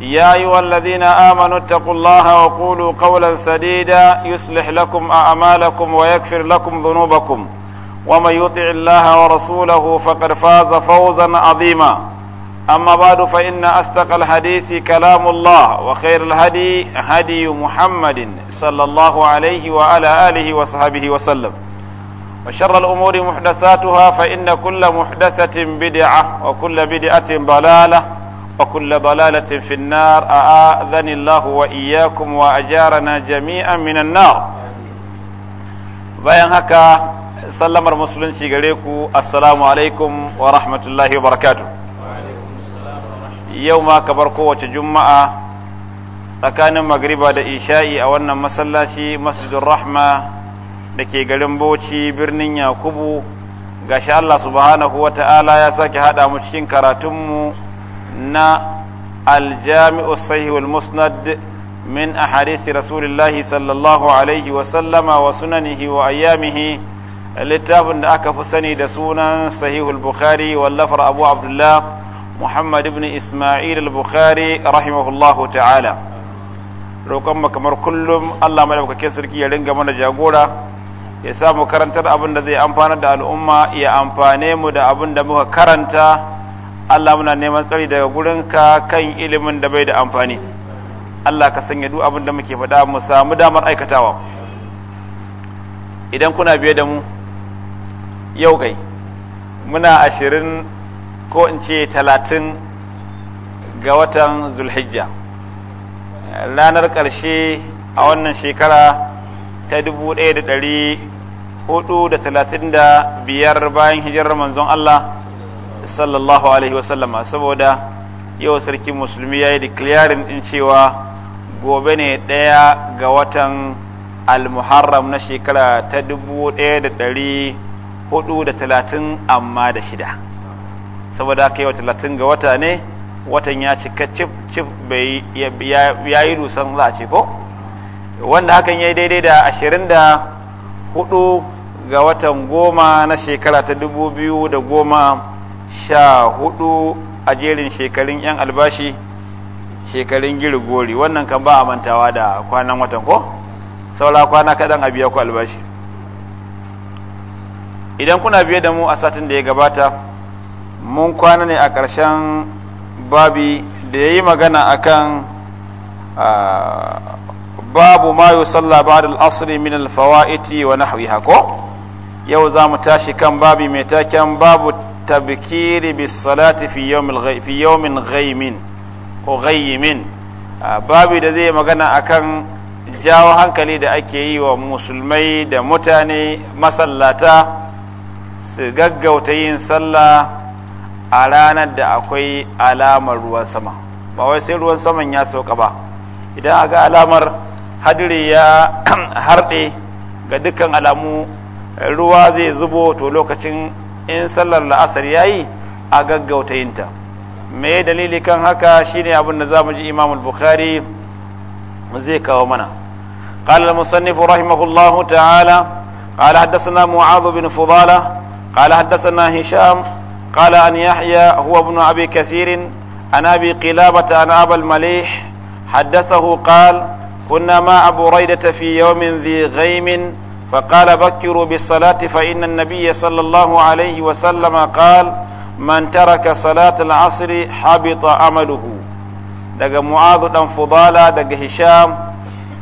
يا أيها الذين آمنوا اتقوا الله وقولوا قولا سديدا يصلح لكم أعمالكم ويكفر لكم ذنوبكم ومن يطع الله ورسوله فقد فاز فوزا عظيما أما بعد فإن أستقى الحديث كلام الله وخير الهدي هدي محمد صلى الله عليه وعلى آله وصحبه وسلم وشر الأمور محدثاتها فإن كل محدثة بدعة وكل بدعة ضلالة وكل ضلالة في النار أعاذني الله وإياكم وأجارنا جميعا من النار bayan haka sallamar musulunci gare ku assalamu alaikum wa rahmatullahi wa barakatu yau ma kamar kowace juma'a tsakanin magriba da isha'i a wannan masallaci masjidun rahma da ke garin bauchi birnin yakubu gashi allah subhanahu wa ta'ala ya sake haɗa mu cikin karatunmu na aljami'u sahih wal musnad min ahadith rasulullah sallallahu alaihi wa sallama wa sunanihi wa ayyamihi littafin da aka fi sani da sunan sahihul bukhari wallafar abu abdullah muhammad ibn isma'il al-bukhari rahimahullahu ta'ala roƙon mu kamar kullum Allah madaukakin sarki ya ringa mana jagora ya sa karantar abin da zai amfana da al'umma ya amfane mu da abin da muka karanta Allah muna neman tsari daga gurinka kan ilimin da bai da amfani Allah ka sanya duk abin da muke faɗa mu samu damar aikatawa idan kuna biye da mu yau kai muna ashirin ko in ce talatin ga watan zulhijja ranar ƙarshe a wannan shekara ta dubu ɗaya da ɗari hudu da talatin da biyar bayan hijirar manzon Allah sallallahu alaihi wasallama saboda yau sarki musulmi ya yi declaring din cewa gobe ne ɗaya ga watan al-muharram na shekara ta dubu da hudu da talatin amma da shida saboda yi yau talatin ga wata ne watan ya cika cif cif bai ya yi dusan za a ce ko wanda hakan ya yi daidai da ashirin da hudu ga watan goma na shekara ta dubu biyu da goma sha hudu a jerin shekarun 'yan albashi shekarun girgori wannan kan ba a mantawa da kwanan watan ko saura kwana kaɗan a biya ku albashi idan kuna biye da mu a satin da ya gabata mun kwana ne a ƙarshen babi da ya yi magana akan babu ma yusalla ba da asri min alfawa iti wa nahwiha ko yau za mu tashi kan babi mai taken babu tabkiri bis salati fi yawmin ghaimin ko ghayyimin babu da zai magana akan jawo hankali da ake yi wa musulmai da mutane masallata su gaggauta yin sallah a ranar da akwai alamar ruwan sama ba wai sai ruwan saman ya sauka ba idan aga alamar hadiri ya harɗe ga dukkan alamu ruwa zai zubo to lokacin in sallar la'asar yayi a gaggauta yinta me dalili kan haka shine abin da zamu ji Imam al-Bukhari zai kawo mana قال المصنف رحمه الله تعالى قال حدثنا معاذ بن فضالة قال حدثنا هشام قال أن يحيى هو ابن أبي كثير عن أبي قلابة عن أبا المليح حدثه قال كنا مع بريدة في يوم ذي غيم فقال بكروا بالصلاة فإن النبي صلى الله عليه وسلم قال من ترك صلاة العصر حبط عمله دقى معاذ بن فضالة دقى هشام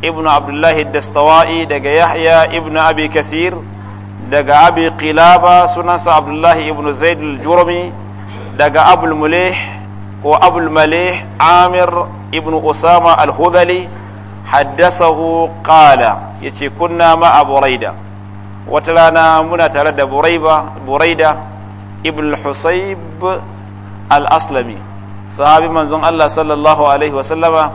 ابن عبد الله الدستوائي دقى يحيى ابن أبي كثير دقى أبي قلابة سنس عبد الله ابن زيد الجرمي دقى أبو المليح وأبو المليح عامر ابن أسامة الهذلي haddasahu qala yace kunna ma a buraida wata rana muna tare da buraiba buraida ibn husayb al-aslami sahabi manzon Allah sallallahu alaihi wa sallama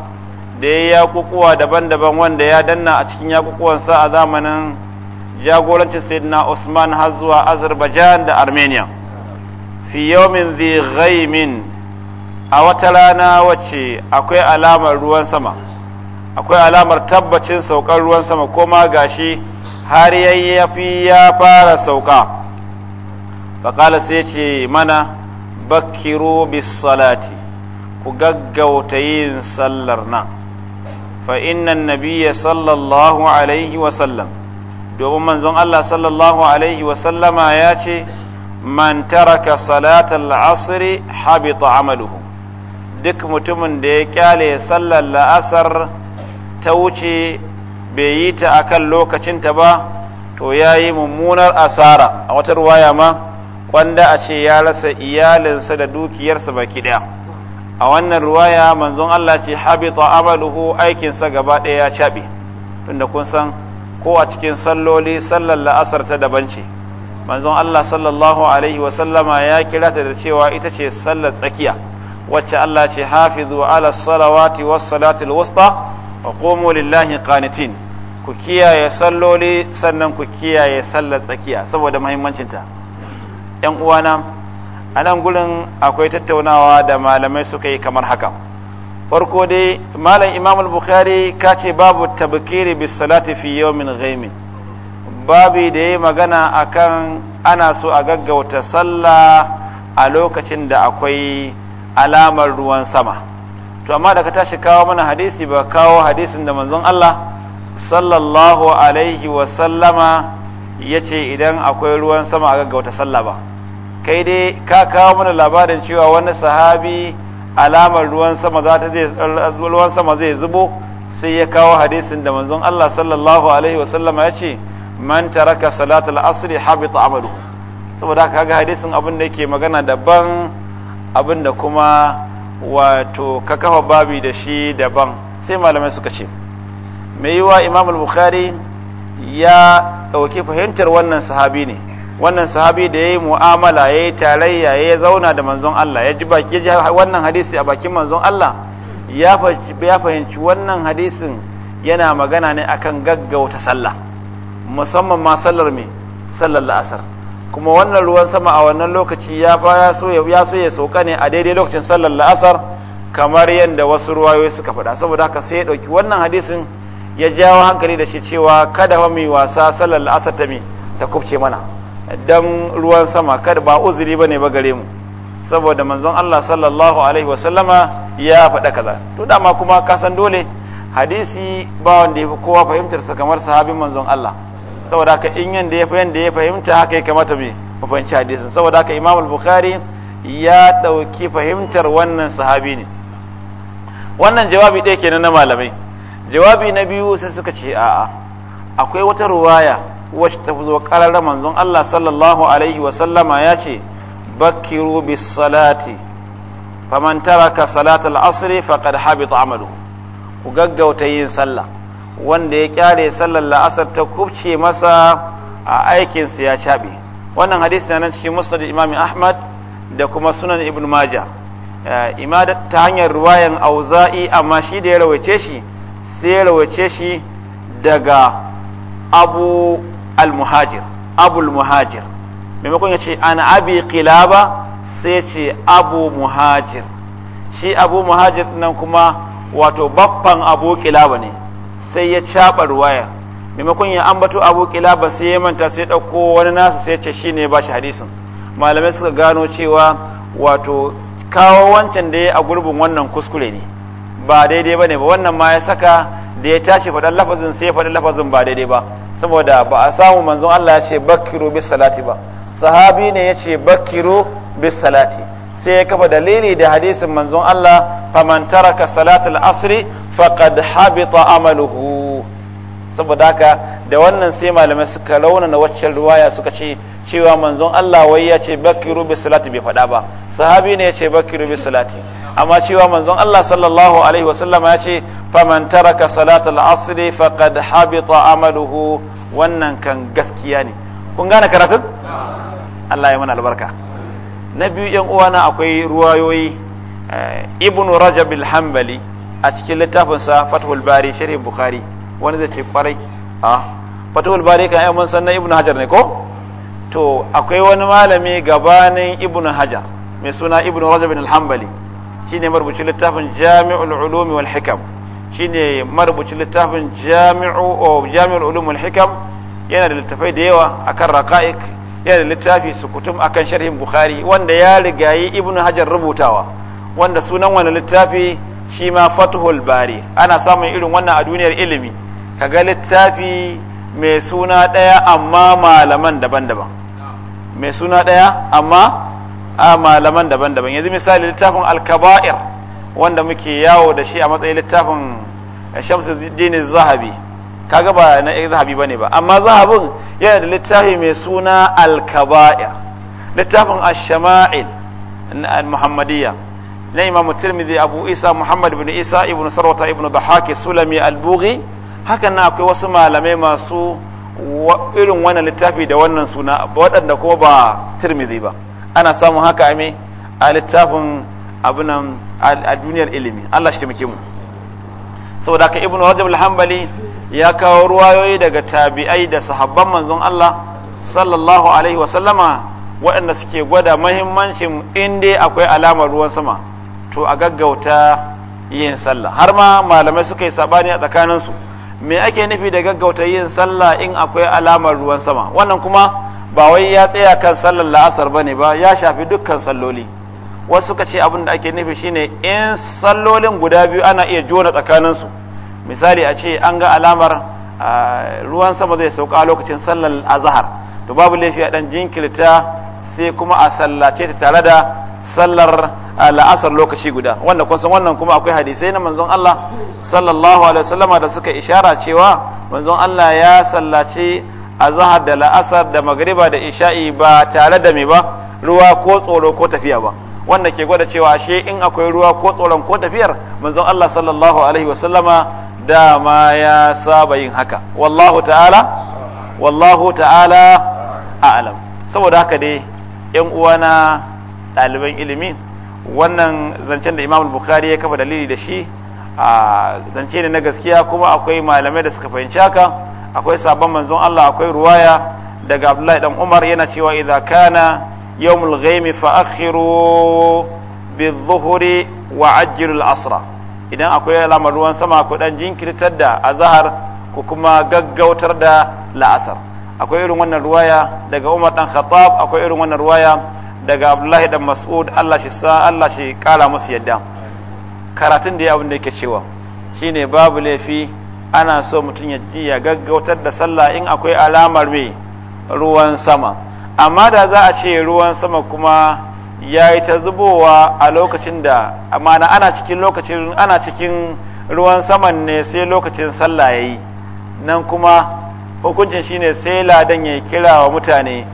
da ya yakukuwa daban-daban wanda ya danna a cikin yakukuwansa a zamanin jagorancin sayyidina Usman hazuwa zuwa Azerbaijan da Armenia fi yawmin dhi ghaimin a wata rana wacce akwai alamar ruwan sama akwai alamar tabbacin saukar ruwan sama kuma gashi har yayyafi ya fara sauka faƙala sai ce mana bakiru bis salati ku gaggauta yin sallar nan fa innan nabiyya sallallahu alaihi wasallam domin manzon Allah sallallahu alaihi wasallama ya ce man taraka salatal asri habita amaluhu duk mutumin da ya kyale sallar la'asar ta wuce bai yi ta a lokacin lokacinta ba to ya yi mummunar asara a wata ruwaya ma wanda a ce ya rasa iyalinsa da dukiyarsa baki ɗaya a wannan ruwaya manzon Allah ce habita amaluhu aikinsa gaba ɗaya ya caɓe tunda kun san ko a cikin salloli sallar la'asar ta daban ce manzon Allah sallallahu alaihi wa sallama ya kira ta da cewa ita ce sallar tsakiya wacce Allah ce hafizu ala salawati was salatil wusta wa qumu lillahi qanitin ku kiyaye salloli sannan ku kiyaye sallar tsakiya saboda mahimmancinta. yan uwana a nan gurin akwai tattaunawa da malamai suka yi kamar haka farko dai malam imam al-bukhari ka ce babu tabkiri bis salati fi yawmin ghaimin babi da ya magana akan ana so a gaggauta sallah a lokacin da akwai alamar ruwan sama to amma da ka tashi kawo mana hadisi ba kawo hadisin da manzon Allah sallallahu alaihi wa sallama yace idan akwai ruwan sama a gaggauta sallah ba kai dai ka kawo mana labarin cewa wani sahabi alamar ruwan sama za ta zai ruwan sama zai zubo sai ya kawo hadisin da manzon Allah sallallahu alaihi wa sallama yace man taraka salatul asri habita amalu saboda kaga hadisin abin da yake magana daban abin da kuma wato ka kafa babi da shi daban sai malamai suka ce mai yiwa imam al-bukhari ya ɗauki fahimtar wannan sahabi ne wannan sahabi da ya yi mu'amala ya yi tarayya ya zauna da manzon Allah ya ji baki ya wannan hadisi a bakin manzon Allah ya fahimci wannan hadisin yana magana ne akan gaggauta sallah musamman ma sallar mai sallar la'asar kuma wannan ruwan sama a wannan lokaci ya ya so ya so ya sauka ne a daidai lokacin sallar la'asar kamar yadda wasu ruwayoyi suka faɗa saboda haka sai ya ɗauki wannan hadisin ya jawo hankali da shi cewa kada fa mai wasa sallar la'asar ta mi ta kubce mana dan ruwan sama kada ba uzuri bane ba gare mu saboda manzon Allah sallallahu alaihi wa sallama ya faɗa kaza to dama kuma ka san dole hadisi ba wanda ya kowa fahimtar sa kamar sahabin manzon Allah saboda haka in yanda ya fahimta ya fahimta haka ya kamata mu mafanci fahimci hadisin saboda haka Imam al-Bukhari ya dauki fahimtar wannan sahabi ne wannan jawabi ɗaya kenan na malamai jawabi na biyu sai suka ce a'a akwai wata ruwaya wacce ta zo karar manzon Allah sallallahu alaihi wa ya ce bakiru bis salati faman taraka salatal asri faqad habita amalu ku gaggauta yin sallah wanda ya kyale sallar la'asar ta kubce masa a aikinsa ya caɓe wannan hadisi na nan cikin musnad imam ahmad da kuma sunan ibn maja eh, ima ta hanyar ruwayan auza'i amma shi da ya rawace shi sai ya rawace shi daga abu al-muhajir al muhajir maimakon ya ce an abi kilaba sai ce abu muhajir shi abu muhajir nan kuma wato baffan abu kilaba ne sai ya caɓa ruwaya maimakon ya ambato abu ba sai ya manta sai ɗauko wani nasa sai ce shi ne ba shi hadisin malamai suka gano cewa wato kawo wancan da ya a gurbin wannan kuskure ne ba daidai ba ne ba wannan ma ya saka da ya tashi faɗan lafazin sai ya faɗi lafazin ba daidai ba saboda ba a samu manzon Allah ya ce bakiru bis salati ba sahabi ne ya ce bakiru bis salati sai ya kafa dalili da hadisin manzon Allah faman taraka salatul asri faqad habita amaluhu saboda haka da wannan sai malamai suka launa na waccan ruwaya suka ce cewa manzon Allah wai ya ce bakiru bi salati bai faɗa ba sahabi ne ya ce bakiru bi salati amma cewa manzon Allah sallallahu alaihi wasallama ya ce faman taraka salata asr faqad habita amaluhu wannan kan gaskiya ne kun gane karatun Allah ya mana albarka na biyu yan uwana akwai ruwayoyi eh, ibnu rajab al-hanbali a cikin littafinsa fathul bari sharhi bukhari wani zai ce kwarai a fathul bari kan ayyuman sannan Ibn hajar ne ko to akwai wani malami gabanin Ibn hajar mai suna Ibn rajab bin al-hanbali shine marubucin littafin jami'ul ulum wal hikam shine marubucin littafin jami'u jami'ul ulum wal hikam yana da littafai da yawa akan raqa'iq yana da littafi sukutum akan sharhin bukhari wanda ya rigayi Ibn hajar rubutawa wanda sunan wani littafi shi ma fatuhul bari ana samun irin wannan a duniyar ilimi ka ga littafi mai suna ɗaya amma malaman daban-daban mai suna ɗaya amma a malaman daban-daban yanzu misali littafin alkaba'ir wanda muke yawo da shi a matsayin littafin dini zahabi kaga ba na zahabi bane ba amma zahabin yana da littafi mai suna alkaba'ir littafin ashama'il al-muhammadiyya shamail na al-muhammadiyya na imamu tirmidhi abu isa muhammad ibn isa ibn sarwata ibn bahaki sulami al-bughi hakan na akwai wasu malamai masu irin wannan littafi da wannan suna waɗanda kuma ba tirmidhi ba ana samun haka ame a littafin abunan a duniyar ilimi Allah shi taimake mu saboda ka ibn rajab al-hanbali ya kawo ruwayoyi daga tabi'ai da sahabban manzon Allah sallallahu alaihi wa sallama waɗanda suke gwada mahimmancin in dai akwai alamar ruwan sama to a gaggauta yin sallah har ma malamai suka yi sabani a su me ake nufi da gaggauta yin sallah in akwai alamar ruwan sama wannan kuma ba wai ya tsaya kan sallar la'asar ba ne ba ya shafi dukkan salloli wasu suka ce abin da ake nufi shine in sallolin guda biyu ana iya jona tsakanin su misali a ce an ga alamar ruwan sama zai sauka lokacin sallar azahar to babu laifi a dan jinkirta sai kuma a sallace ta tare da sallar ah, la'asar lokaci guda wanda kun wannan kuma akwai hadisai na manzon Allah sallallahu alaihi wasallama da suka ishara cewa manzon Allah ya sallaci azhar da la'asar da magriba da isha'i ba tare da me ba ruwa ko tsoro ko tafiya ba wanda ke gwada cewa ashe in akwai ruwa ko tsoron ko tafiyar manzon Allah sallallahu alaihi wasallama dama ya saba yin haka wallahu ta'ala wallahu ta'ala a'lam saboda haka dai yan uwana ɗaliban ilimi wannan zancen da imam bukhari ya kafa dalili da shi a zance ne na gaskiya kuma akwai malamai da suka fahimci haka akwai sabon manzon Allah akwai ruwaya daga Abdullahi dan Umar yana cewa idza kana yawmul ghaimi fa akhiru bidh-dhuhri wa ajjilu asra idan akwai alamar ruwan sama ku dan jinkirtar da azhar ku kuma gaggautar da la'asar akwai irin wannan ruwaya daga Umar dan Khattab akwai irin wannan ruwaya daga abdullahi dan mas'ud Allah shi sa Allah shi kara musu yadda karatun da ya abin da yake cewa shine babu laifi ana so mutum ya ya gaggautar da sallah in akwai alamar mai ruwan sama amma da za a ce ruwan sama kuma ya yi ta zubowa a lokacin da amma ana cikin lokacin ana cikin ruwan saman ne sai lokacin sallah ya yi nan kuma hukuncin shine sai ladan ya kira wa mutane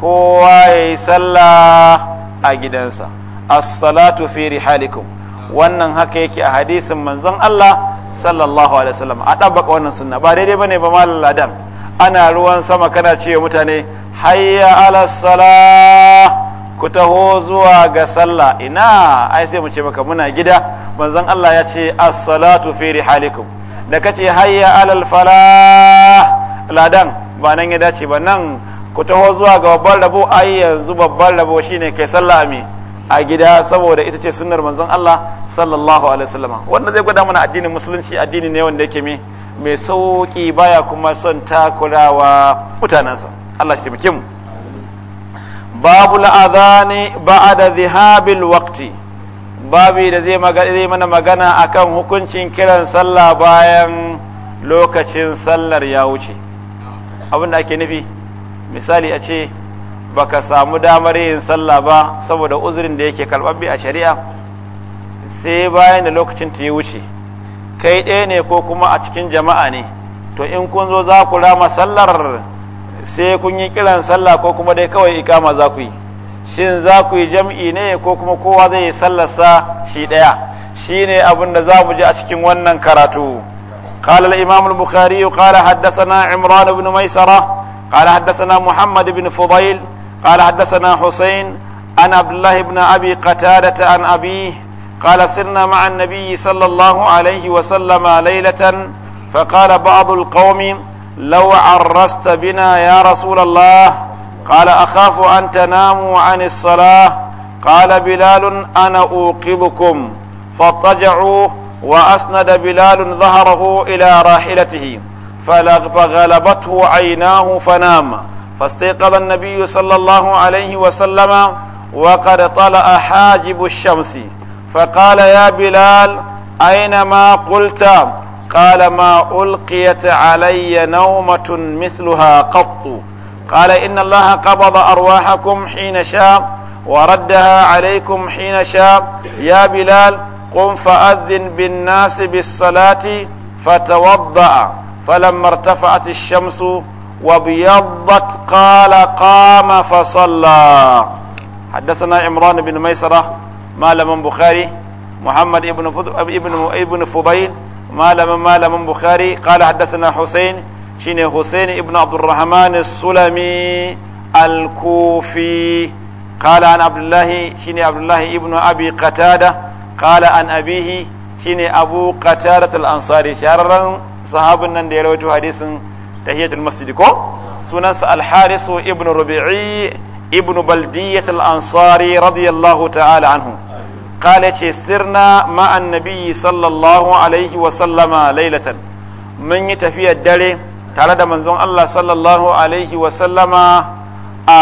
kowa ya yi sallah a gidansa as-salatu fi rihalikum wannan haka yake a hadisin manzon Allah sallallahu alaihi wasallam a dabbaka wannan sunna ba daidai bane ba Malam ladan ana ruwan sama kana ce mutane hayya ala salah ku taho zuwa ga sallah ina ai sai mu ce maka muna gida manzon Allah ya ce as-salatu fi rihalikum da kace hayya alal falah ladan ba nan ya dace ba nan ku taho zuwa ga babban rabo ai yanzu babban rabo shine kai sallah mi a gida saboda ita ce sunnar manzon Allah sallallahu alaihi wasallam wannan zai gwada mana addinin musulunci addini ne wanda yake mi mai sauki baya kuma son takurawa mutanansa Allah shi taimake mu babu la'adhani da dhihabil waqti babi da zai mana magana akan hukuncin kiran sallah bayan lokacin sallar ya wuce abin da ake nufi misali a ce baka samu damar yin sallah ba saboda uzurin da yake karɓaɓɓe a shari'a sai bayan da lokacin ta ya wuce kai ɗaya ne ko kuma a cikin jama'a ne to in kun zo za ku rama sallar sai kun yi kiran sallah ko kuma dai kawai ikama za ku yi shin za ku yi jam'i ne ko kuma kowa zai yi sallarsa shi ɗaya shi ne abin da za mu ji a cikin wannan karatu قال الإمام البخاري قال حدثنا عمران بن ميسره قال حدثنا محمد بن فضيل قال حدثنا حسين عن عبد الله بن ابي قتاده عن ابيه قال سرنا مع النبي صلى الله عليه وسلم ليله فقال بعض القوم لو عرست بنا يا رسول الله قال اخاف ان تناموا عن الصلاه قال بلال انا اوقظكم فاضطجعوا واسند بلال ظهره الى راحلته فغلبته عيناه فنام فاستيقظ النبي صلى الله عليه وسلم وقد طلع حاجب الشمس فقال يا بلال أين ما قلت قال ما ألقيت علي نومة مثلها قط قال إن الله قبض أرواحكم حين شاء وردها عليكم حين شاء يا بلال قم فأذن بالناس بالصلاة فتوضأ فلما ارتفعت الشمس وابيضت قال قام فصلى حدثنا عمران بن ميسرة مالم بخاري محمد ابن ابن ابن فضيل مالم مالم بخاري قال حدثنا حسين شين حسين ابن عبد الرحمن السلمي الكوفي قال عن عبد الله شين عبد الله ابن ابي قتاده قال عن ابيه شين ابو قتاده الانصاري شررا sahabin nan da ya rawaito hadisin tahiyatul masjid ko sunansa al-harisu ibn rubi'i ibn baldiyat al-ansari radiyallahu ta'ala anhu qala ce sirna ma annabi sallallahu alaihi wa sallama lailatan mun yi tafiyar dare tare da manzon Allah sallallahu alaihi wa sallama a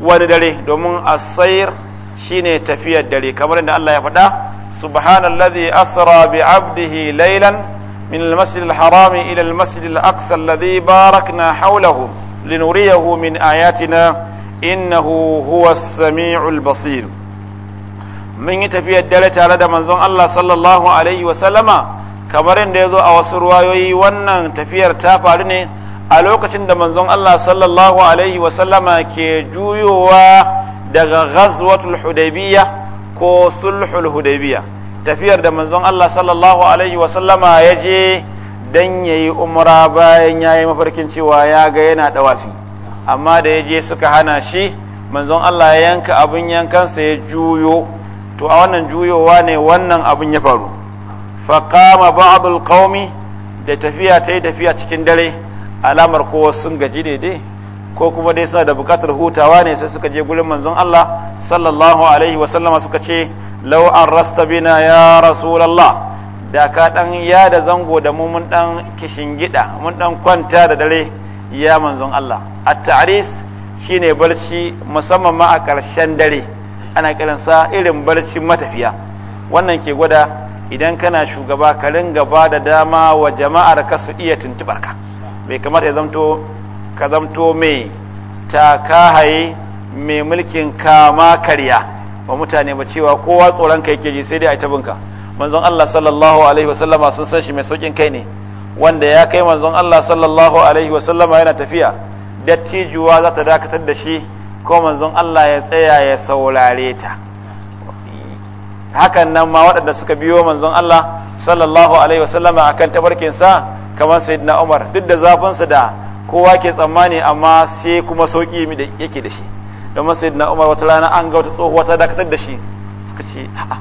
wani dare domin asair shine tafiyar dare kamar da Allah ya faɗa subhanallazi asra bi abdihi laylan من المسجد الحرام إلى المسجد الأقصى الذي باركنا حوله لنريه من آياتنا إنه هو السميع البصير من يتفي الدلت على دمزون الله صلى الله عليه وسلم kamarin da ya zo a wasu ruwayoyi wannan tafiyar ta faru ne a lokacin da manzon Allah sallallahu Alaihi wasallama ke juyowa daga ghazwatul hudaybiyya ko sulhul hudaybiyya tafiyar da manzon Allah sallallahu alaihi wasallama ya je dan ya yi umra bayan ya yi mafarkin cewa ya ga yana dawafi amma da ya je suka hana shi manzon Allah ya yanka abin yankansa ya juyo to a wannan juyowa ne wannan abun ya faru faqama ba'dul qaumi da tafiya ta yi tafiya cikin dare alamar kowa sun gaji daidai ko kuma dai suna da bukatar hutawa ne sai suka je gurin manzon Allah sallallahu alaihi wa sallama suka ce law arrasta bina ya rasulullah da ka dan ya da zango da mu mun dan kishingida mun dan kwanta da dare ya manzon Allah at-ta'ris shine barci musamman ma a karshen dare ana kiransa irin barci matafiya wannan ke gwada idan kana shugaba ka ringa ba da dama wa jama'ar ka su iya tuntubar ka bai kamata ya zamto ka zamto mai takahaye mai mulkin kama karya ba mutane ba cewa kowa tsoron ka yake ji sai dai a tabin ka manzon Allah sallallahu alaihi wa sallama sun san shi mai saukin kai ne wanda ya kai manzon Allah sallallahu alaihi wa sallama yana tafiya dattijuwa za ta dakatar da shi ko manzon Allah ya tsaya ya saurare ta hakan nan ma waɗanda suka biyo manzon Allah sallallahu alaihi wa sallama akan sa kamar sayyidina Umar duk da zafinsa da kowa ke tsammani amma sai kuma sauki da yake da shi don sai na umar wata rana an ga wata tsohuwa ta dakatar da shi suka ce a'a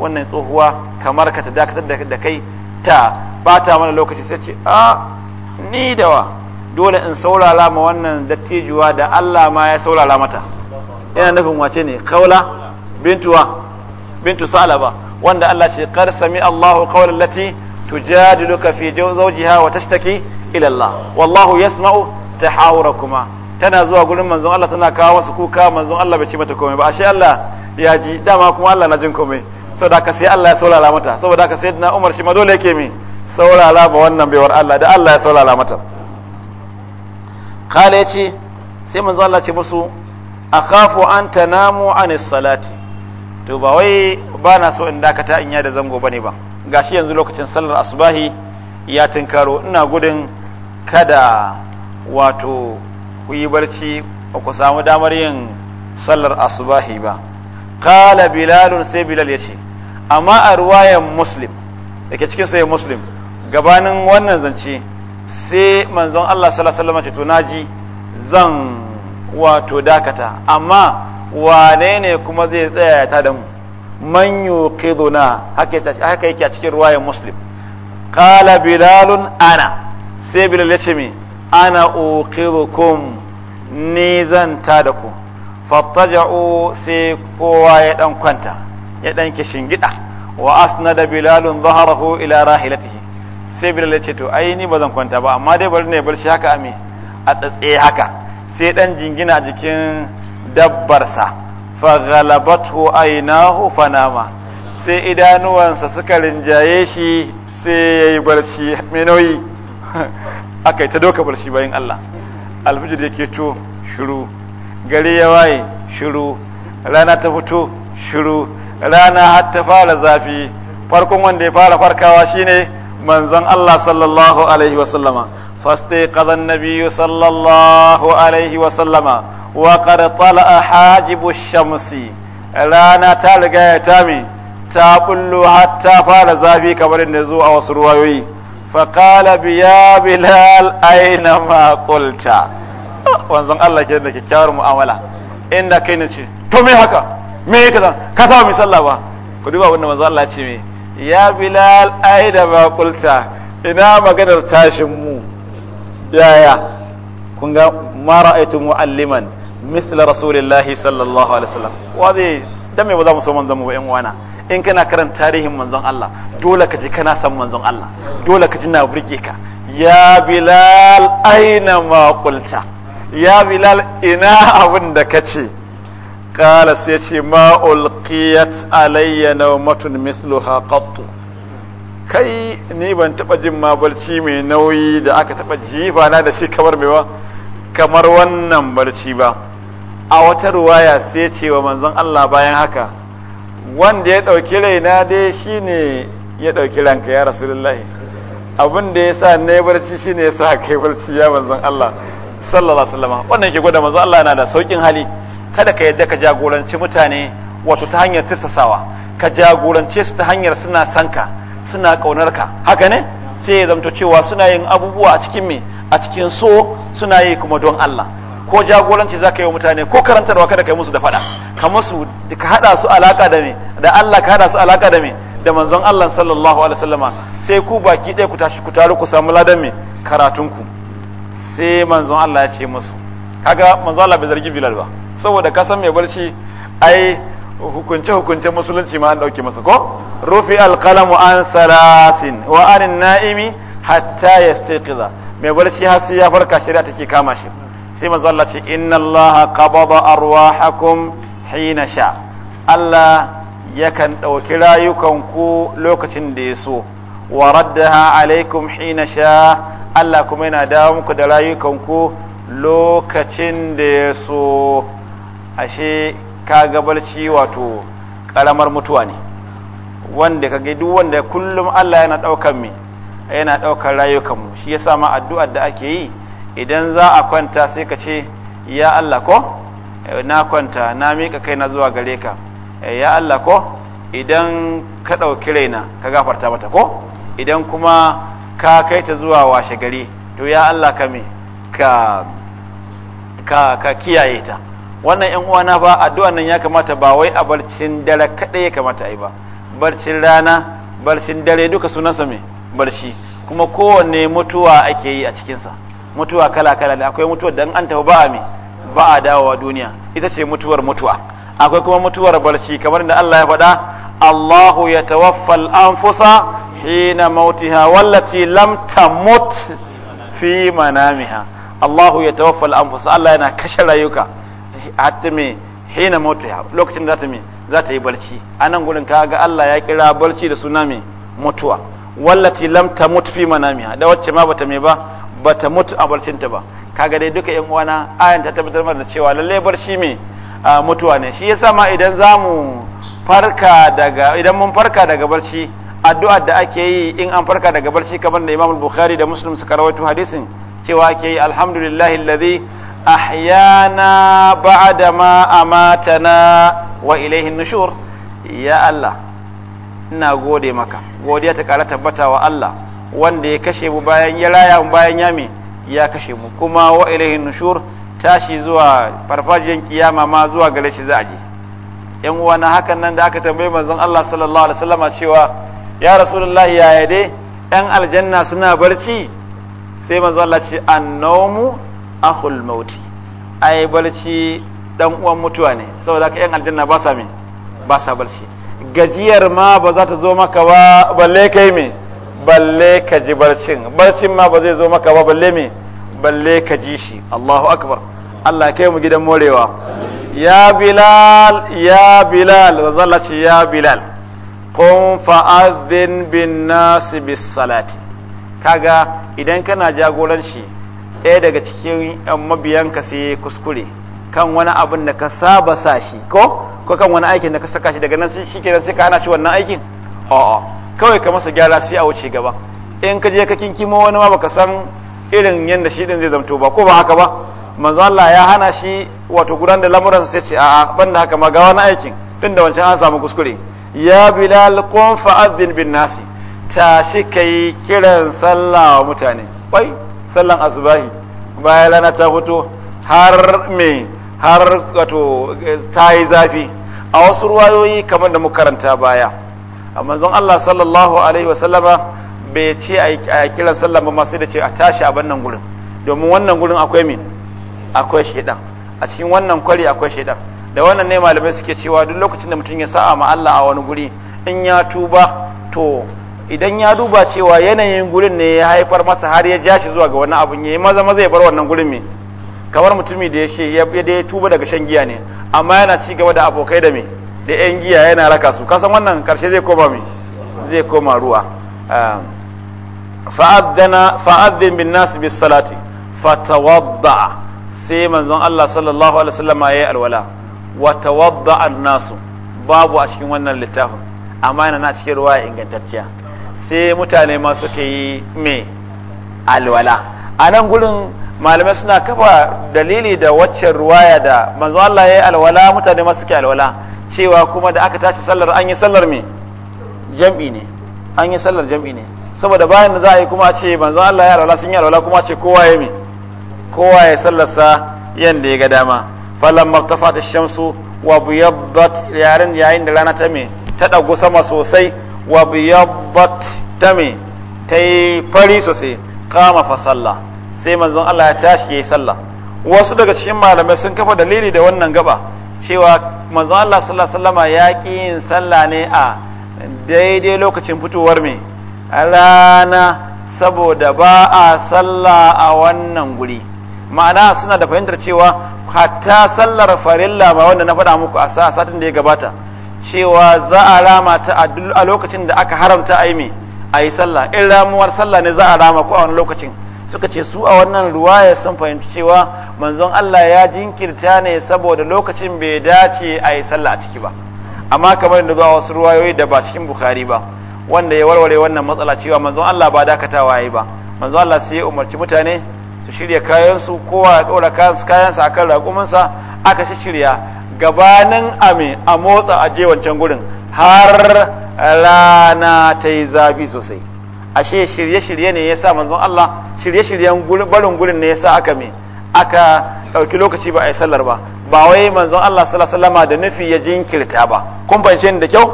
wannan tsohuwa kamar ka ta dakatar da kai ta bata mana lokaci sai ce a ni da dole in saurara ma wannan dattijuwa da Allah ma ya saurara mata yana nufin wace ne kaula bintuwa bintu salaba wanda Allah ce kar sami Allahu qawlan lati tujadiluka fi zawjiha wa tashtaki ila Allah wallahu yasma'u tahawurakuma tana zuwa gurin manzon Allah tana kawo masa kuka manzon Allah bai ci mata komai ba ashe Allah ya ji dama kuma Allah na jin komai saboda haka sai Allah ya saurara mata saboda haka na Umar shi ma dole yake mi saurara ba wannan bai baiwar Allah da Allah ya saurara mata kale yace sai manzon Allah ce musu akhafu an tanamu anis salati to ba wai ba na so in dakata in ya da zango bane ba gashi yanzu lokacin sallar asbahi ya tinkaro ina gudun kada wato ku yi barci ba ku samu damar yin sallar asbahi ba Kala bilal sai bilal ya ce amma a ruwayan muslim da ke cikin sai muslim gabanin wannan zance sai manzon Allah sallallahu alaihi wasallam ce to naji zan wato dakata amma wane ne kuma zai tsaya ya da mu man yuqiduna haka haka yake a cikin ruwayan muslim kala bilalun ana sai bilal ce me ana kom ni zan ta da ku fattaja'u sai kowa ya dan kwanta ya dan kishingida wa da bilalun ko ila rahilatihi sai bilal ce to ai ni bazan kwanta ba amma dai bari ne bar shi haka ame a tsatsaye haka sai dan jingina jikin dabbarsa faghalabathu ainahu fanama sai idanuwansa suka rinjaye shi sai yayi barci menoyi nauyi akai ta doka barci bayan Allah alfijir yake to shiru gari ya waye shiru rana ta fito shiru rana har ta fara zafi farkon wanda ya fara farkawa shine manzon Allah sallallahu alaihi wasallama فاستيقظ النبي صلى الله عليه وسلم وقد طلع ta الشمس رانا تالغا تامي تابلو حتى فال زافي كبر النزو أو سروايوي فقال بيا بلال أينما قلت wanzan Allah ke da kyakkyawar mu'amala inda kai ne ce to me haka me kaza ka sa mi sallah ba ku duba wannan manzon Allah ce me ya bilal ai da ina maganar tashin mu yaya kun ga mara aitu mu'alliman misla rasulillahi sallallahu alaihi wasallam wa zai da me ba za mu so manzon mu ba in wana in kana karanta tarihin manzon Allah dole ka ji kana san manzon Allah dole ka ji na burge ka ya bilal aina ma qulta ya bilal ina abin da kace qala sai ce ma ulqiyat alayya nawmatun misluha qattu kai ni ban taba jin ma barci mai nauyi da aka taba jifa na da shi kamar mai kamar wannan barci ba a wata ruwaya sai cewa manzon Allah bayan haka wanda ya dauki raina dai shine ya dauki ranka ya rasulullah abin da ya sa ne barci shine ya sa kai barci ya manzon Allah sallallahu alaihi wasallam wannan shi gwada manzon Allah yana da saukin hali kada ka yadda ka jagoranci mutane wato ta hanyar tirsasawa ka jagorance su ta hanyar suna sanka suna kaunar ka haka ne sai ya zamto cewa suna yin abubuwa a cikin me a cikin so suna yi kuma don Allah ko jagoranci za ka yi wa mutane ko karantarwa kada ka yi musu da faɗa ka musu ka haɗa su alaƙa da me da Allah ka haɗa su alaka da me da manzon Allah sallallahu alaihi wasallama sai ku baki ɗaya ku tashi ku taru ku samu ladan me karatunku sai manzon Allah ya ce musu kaga manzon Allah bai zargi Bilal ba saboda ka san mai barci ai hukunce hukunce musulunci ma an ɗauki masa ko rufi alqalamu an salasin wa an na'imi hatta yastikila. mai barci har sai ya farka shari'a take kama shi sai manzo Allah ce inna Allah qabada arwahakum hina sha Allah yakan ɗauki rayukan ku lokacin da ya so wa raddaha alaikum hina sha Allah kuma yana dawo muku da rayukan ku lokacin da ya so ashe Ka ga barci wato karamar mutuwa ne wanda kage duk wanda kullum Allah yana daukar mu yana daukar rayukan mu shi yasa ma addu'ar da ake yi idan za a kwanta sai ka ce ya Allah ko na kwanta na mika kai na zuwa gare ka eh, ya Allah ko idan ka dauki raina ka gafarta mata ko idan kuma ka kai ta zuwa washe gari to ya Allah ka me ka, ka kiyaye ta wannan yan uwana ba addu'an nan ya kamata ba wai a barcin dare kadai ya kamata a yi ba barcin rana barcin dare duka sunansa me barci kuma kowanne mutuwa ake yi a cikinsa mutuwa kala kala da akwai mutuwar da an tafi ba a me ba a dawowa duniya ita ce mutuwar mutuwa akwai kuma mutuwar barci kamar da Allah ya faɗa Allahu ya tawaffal anfusa hina mautiha wallati lam tamut fi manamiha Allahu ya tawaffal anfusa Allah yana kashe rayuka hatta me hina ya lokacin da ta za ta yi barci anan gurin kaga Allah ya kira barci da suna me mutuwa wallati lam mutu fi manamiha da wacce ma bata me ba ta mutu a ta ba kaga dai duka yan uwana ayan ta tabbatar mana cewa lalle barci me mutuwa ne shi yasa ma idan zamu farka daga idan mun farka daga barci addu'a da ake yi in an farka daga barci kamar da Imam Bukhari da Muslim suka rawaito hadisin cewa ake yi alhamdulillahi alladhi ahyana ba'da ma amatana wa ilaihin nushur ya Allah ina gode maka godiya ta kara tabbata wa Allah wanda ya kashe mu bayan ya raya bayan ya ya kashe mu kuma wa ilaihin nushur tashi zuwa farfajiyar kiyama ma zuwa gare shi za a je yan uwana hakan nan da aka tambaye manzon Allah sallallahu alaihi wasallama cewa ya rasulullahi yaya dai yan aljanna suna barci sai manzo Allah ce annawmu akhul mauti ai balci dan uwan mutuwa ne saboda ka yan aljanna ba sa me ba sa balci. gajiyar ma ba za ta zo maka ba balle kai me balle ka ji barcin barcin ma ba zai zo maka ba balle me balle ka ji shi Allahu akbar Allah kai mu gidan morewa ya bilal ya bilal zalla ce ya bilal qum fa'adhin bin nas bis salati kaga idan kana jagoranci ɗaya daga cikin yan mabiyanka sai kuskure kan wani abin da ka saba sa shi ko ko kan wani aikin da ka saka shi daga nan shi kenan sai ka ana shi wannan aikin a'a kawai ka masa gyara sai a wuce gaba in ka je ka kinkimo wani ma baka san irin yadda shi din zai zamto ba ko ba haka ba manzo Allah ya hana shi wato gudan da lamuran sai ce a'a banda haka ma ga wani aikin din da wancan an samu kuskure ya bilal qum fa'adhin bin nasi tashi kai kiran sallah wa mutane bai sallan asubahi bayan rana ta fito har me har wato ta yi zafi a wasu ruwayoyi kamar da mu karanta baya a manzon Allah sallallahu alaihi sallama bai ce a kiran sallan ba sai da ce a tashi a bannan gurin domin wannan gurin akwai me akwai shaidan a cikin wannan kwari akwai shaidan da wannan ne malamai suke cewa duk lokacin da mutum ya sa'a ma Allah a wani guri in ya tuba to idan ya duba cewa yanayin gurin ne ya haifar masa har ya jashi zuwa ga wani abin ya yi maza maza ya bar wannan gurin me kamar mutumi da ya ce ya tuba daga shan giya ne amma yana ci gaba da abokai da me da yan giya yana raka su kasan wannan karshe zai koma me zai koma ruwa Fa'ad fa'adhin bin nas bis salati fatawadda sai manzon Allah sallallahu alaihi wasallama yayi alwala wa tawadda an nasu babu a cikin wannan littafin amma yana na cikin ruwa ingantacciya sai mutane ma suka yi me alwala a nan gurin malamai suna kafa dalili da waccan ruwaya da manzo Allah ya yi alwala mutane ma suke alwala cewa kuma da aka tashi sallar an yi sallar me jam'i ne an yi sallar jam'i ne saboda bayan da za a yi kuma a ce manzo Allah ya alwala sun yi alwala kuma a ce kowa ya me kowa ya sallarsa yanda ya ga dama martafa ta shamsu wa biyaddat yayin da rana ta me ta dago sama sosai wa biyaddat dami ta yi fari sosai kama fa sallah sai manzon Allah ya tashi ya yi sallah wasu daga cikin malamai sun kafa dalili da wannan gaba cewa manzon Allah sallallahu alaihi wasallam ya ki yin sallah ne a daidai lokacin fitowar mai, rana saboda ba a sallah a wannan guri ma'ana suna da fahimtar cewa hatta sallar farilla ba wanda na faɗa muku a satin da ya gabata cewa za a rama ta a lokacin da aka haramta a yi mai a yi sallah in ramuwar sallah ne za a rama ko a wani lokacin suka ce su a wannan ruwaya sun fahimci cewa manzon Allah ya jinkirta ne saboda lokacin bai dace a yi sallah a ciki ba amma kamar da zuwa wasu ruwayoyi da ba cikin bukhari ba wanda ya warware wannan matsala cewa manzon Allah ba dakatawa yayi ba manzon Allah sai ya umarci mutane su shirya kayansu kowa ya ɗora kayansa akan raƙuminsa aka shirya gabanin ame a motsa a je wancan gurin har rana ta yi zafi sosai ashe shirye-shirye ne ya sa manzon Allah shirye-shiryen barin gurin ne ya sa aka me aka ɗauki lokaci ba a yi sallar ba ba wai manzon Allah sallama da nufi ya jinkirta ba kun ni da kyau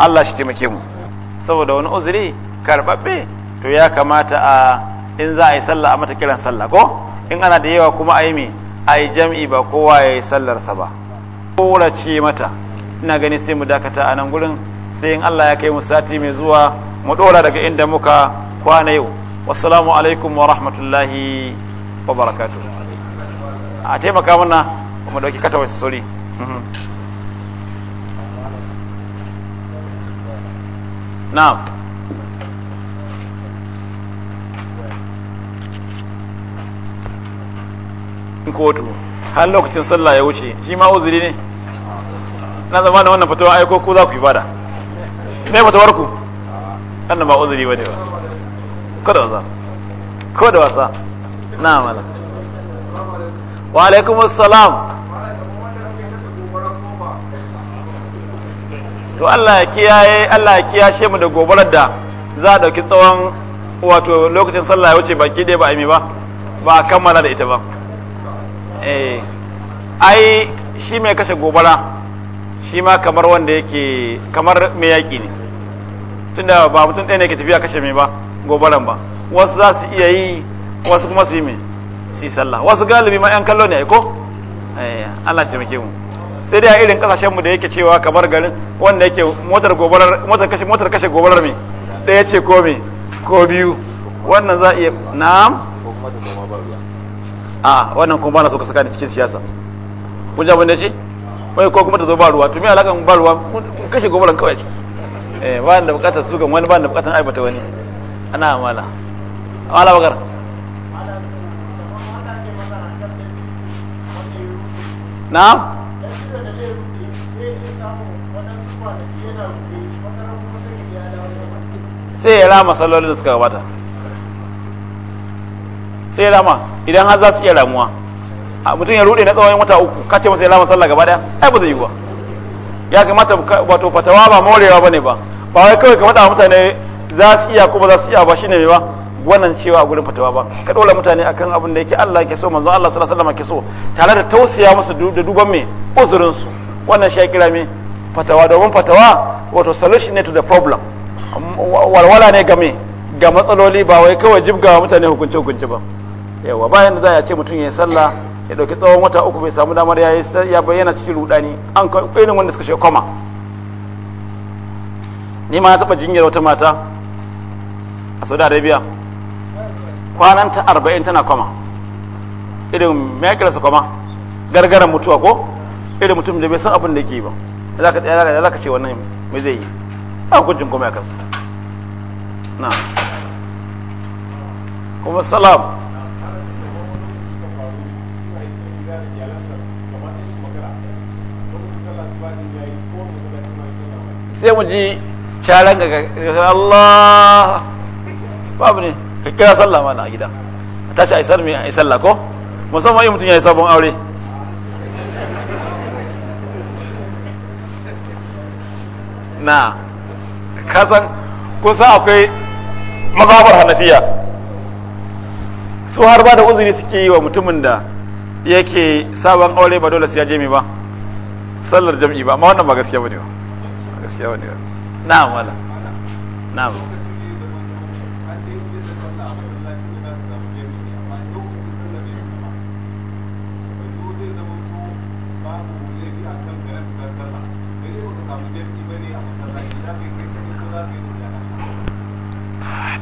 Allah shi taimake mu saboda wani uzuri karɓaɓɓe to ya kamata a in za a yi sallah a mata kiran sallah ko in ana da yawa kuma a yi me a yi jam'i ba kowa ya yi sallarsa ba ce mata ina gani sai mu dakata a nan gurin sai in Allah ya kai mu sati mai zuwa mu dora daga inda muka kwana yau wassalamu alaikum wa rahmatullahi wa barakatu a taimaka mana mu kata wasu sori mhm. na'am kotu har lokacin sallah ya wuce shi ma uzuri ne na zama da wannan fatawa aiko ko za ku yi bada me fatawar ku wannan ba uzuri bane ba kada wasa kada wasa na amala wa alaikum assalam to Allah ya kiyaye Allah ya kiyashe mu da gobarar da za a dauki tsawon wato lokacin sallah ya wuce baki dai ba a yi ba ba a kammala da ita ba Eh, ai shi mai kashe gobara shi ma kamar wanda yake kamar mai yaƙi ne tunda ba mutum ɗaya ne ke tafiya kashe mai ba gobaran ba wasu za su iya yi wasu kuma su yi mai su yi sallah wasu galibi ma 'yan kallo ne ko eh, Allah taimake mu sai dai a irin kasashen mu da yake cewa kamar garin wanda yake motar motar kashe motar kashe gobarar mai ɗaya ce ko mai ko biyu wannan za a iya na'am a wannan kuma bana so ka saka ni cikin siyasa kun ja abin ce wai ko kuma ta zo ba ruwa to me mun ba ruwa mun kashe gobaran kawai ciki eh ba bukata bukatar ga wani ba da bukatar aibata wani ana amala amala bakar na sai ya rama sallolin da suka gabata sai rama idan har za su iya ramuwa mutum ya rude na tsawon wata uku kace masa ya lama sallah gaba daya ai ba zai yi ba ya kamata wato fatawa ba morewa bane ba ba wai kawai ka faɗa mutane za su iya ko ba za su iya ba shine ne ba wannan cewa a gurin fatawa ba ka dole mutane akan abin da yake Allah ke so manzon Allah sallallahu alaihi wasallam ke so tare da tausaya musu da duban me uzurin su wannan shi kira me fatawa domin fatawa wato solution ne to the problem walwala ne game ga matsaloli ba wai kawai jibga mutane hukunce hukunce ba yawa bayan da za a ce mutum ya yi sallah ya dauki tsawon wata uku bai samu damar ya ya bayyana cikin rudani an irin wanda suka she koma ni ma taba jinyar wata mata a Saudi Arabia ta arba'in tana koma irin yake su koma gargaran mutuwa ko irin mutum da bai san abin da yake ba za ka tsaya za ka ce wannan me zai yi a hukuncin kuma ya kasa na kuma salam sai mu ji caran ga Allah babu ne ka kira sallah mana a gida a tashi a isar mai a sallah ko musamman in mutum ya yi sabon aure na kasan kusa akwai mazabar hanafiya su har ba da uzuri suke yi wa mutumin da yake sabon aure ba dole su ya je mai ba sallar jam'i ba amma wannan ba gaskiya ba ne ba gaskiya wani ba na'am wala na'am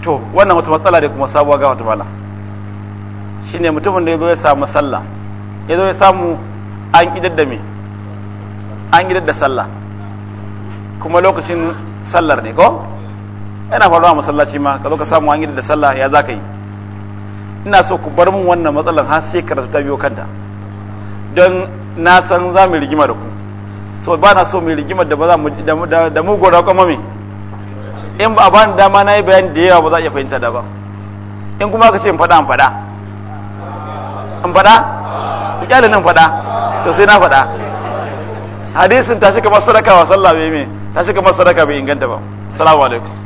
to wannan wata matsala da kuma sabuwa ga wata mala shine mutumin da ya zo ya samu sallah ya zo ya samu an idar da me an idar da sallah kuma lokacin sallar ne ko yana faruwa masallaci ma ka zo ka samu hanyar da sallah ya za ka yi ina so ku bar min wannan matsalar har sai karatu ta biyo kanta don na san za mu rigima da ku so ba na so mu rigima da ba za mu da mu gora kuma me in ba a bani dama na yi bayani da yawa ba za a iya fahimta da ba in kuma ka ce in faɗa in faɗa in faɗa kyalin in faɗa to sai na faɗa hadisin tashi kamar sadaka wa sallah bai mai. ta shiga masu sadaka bai inganta ba salamu alaikum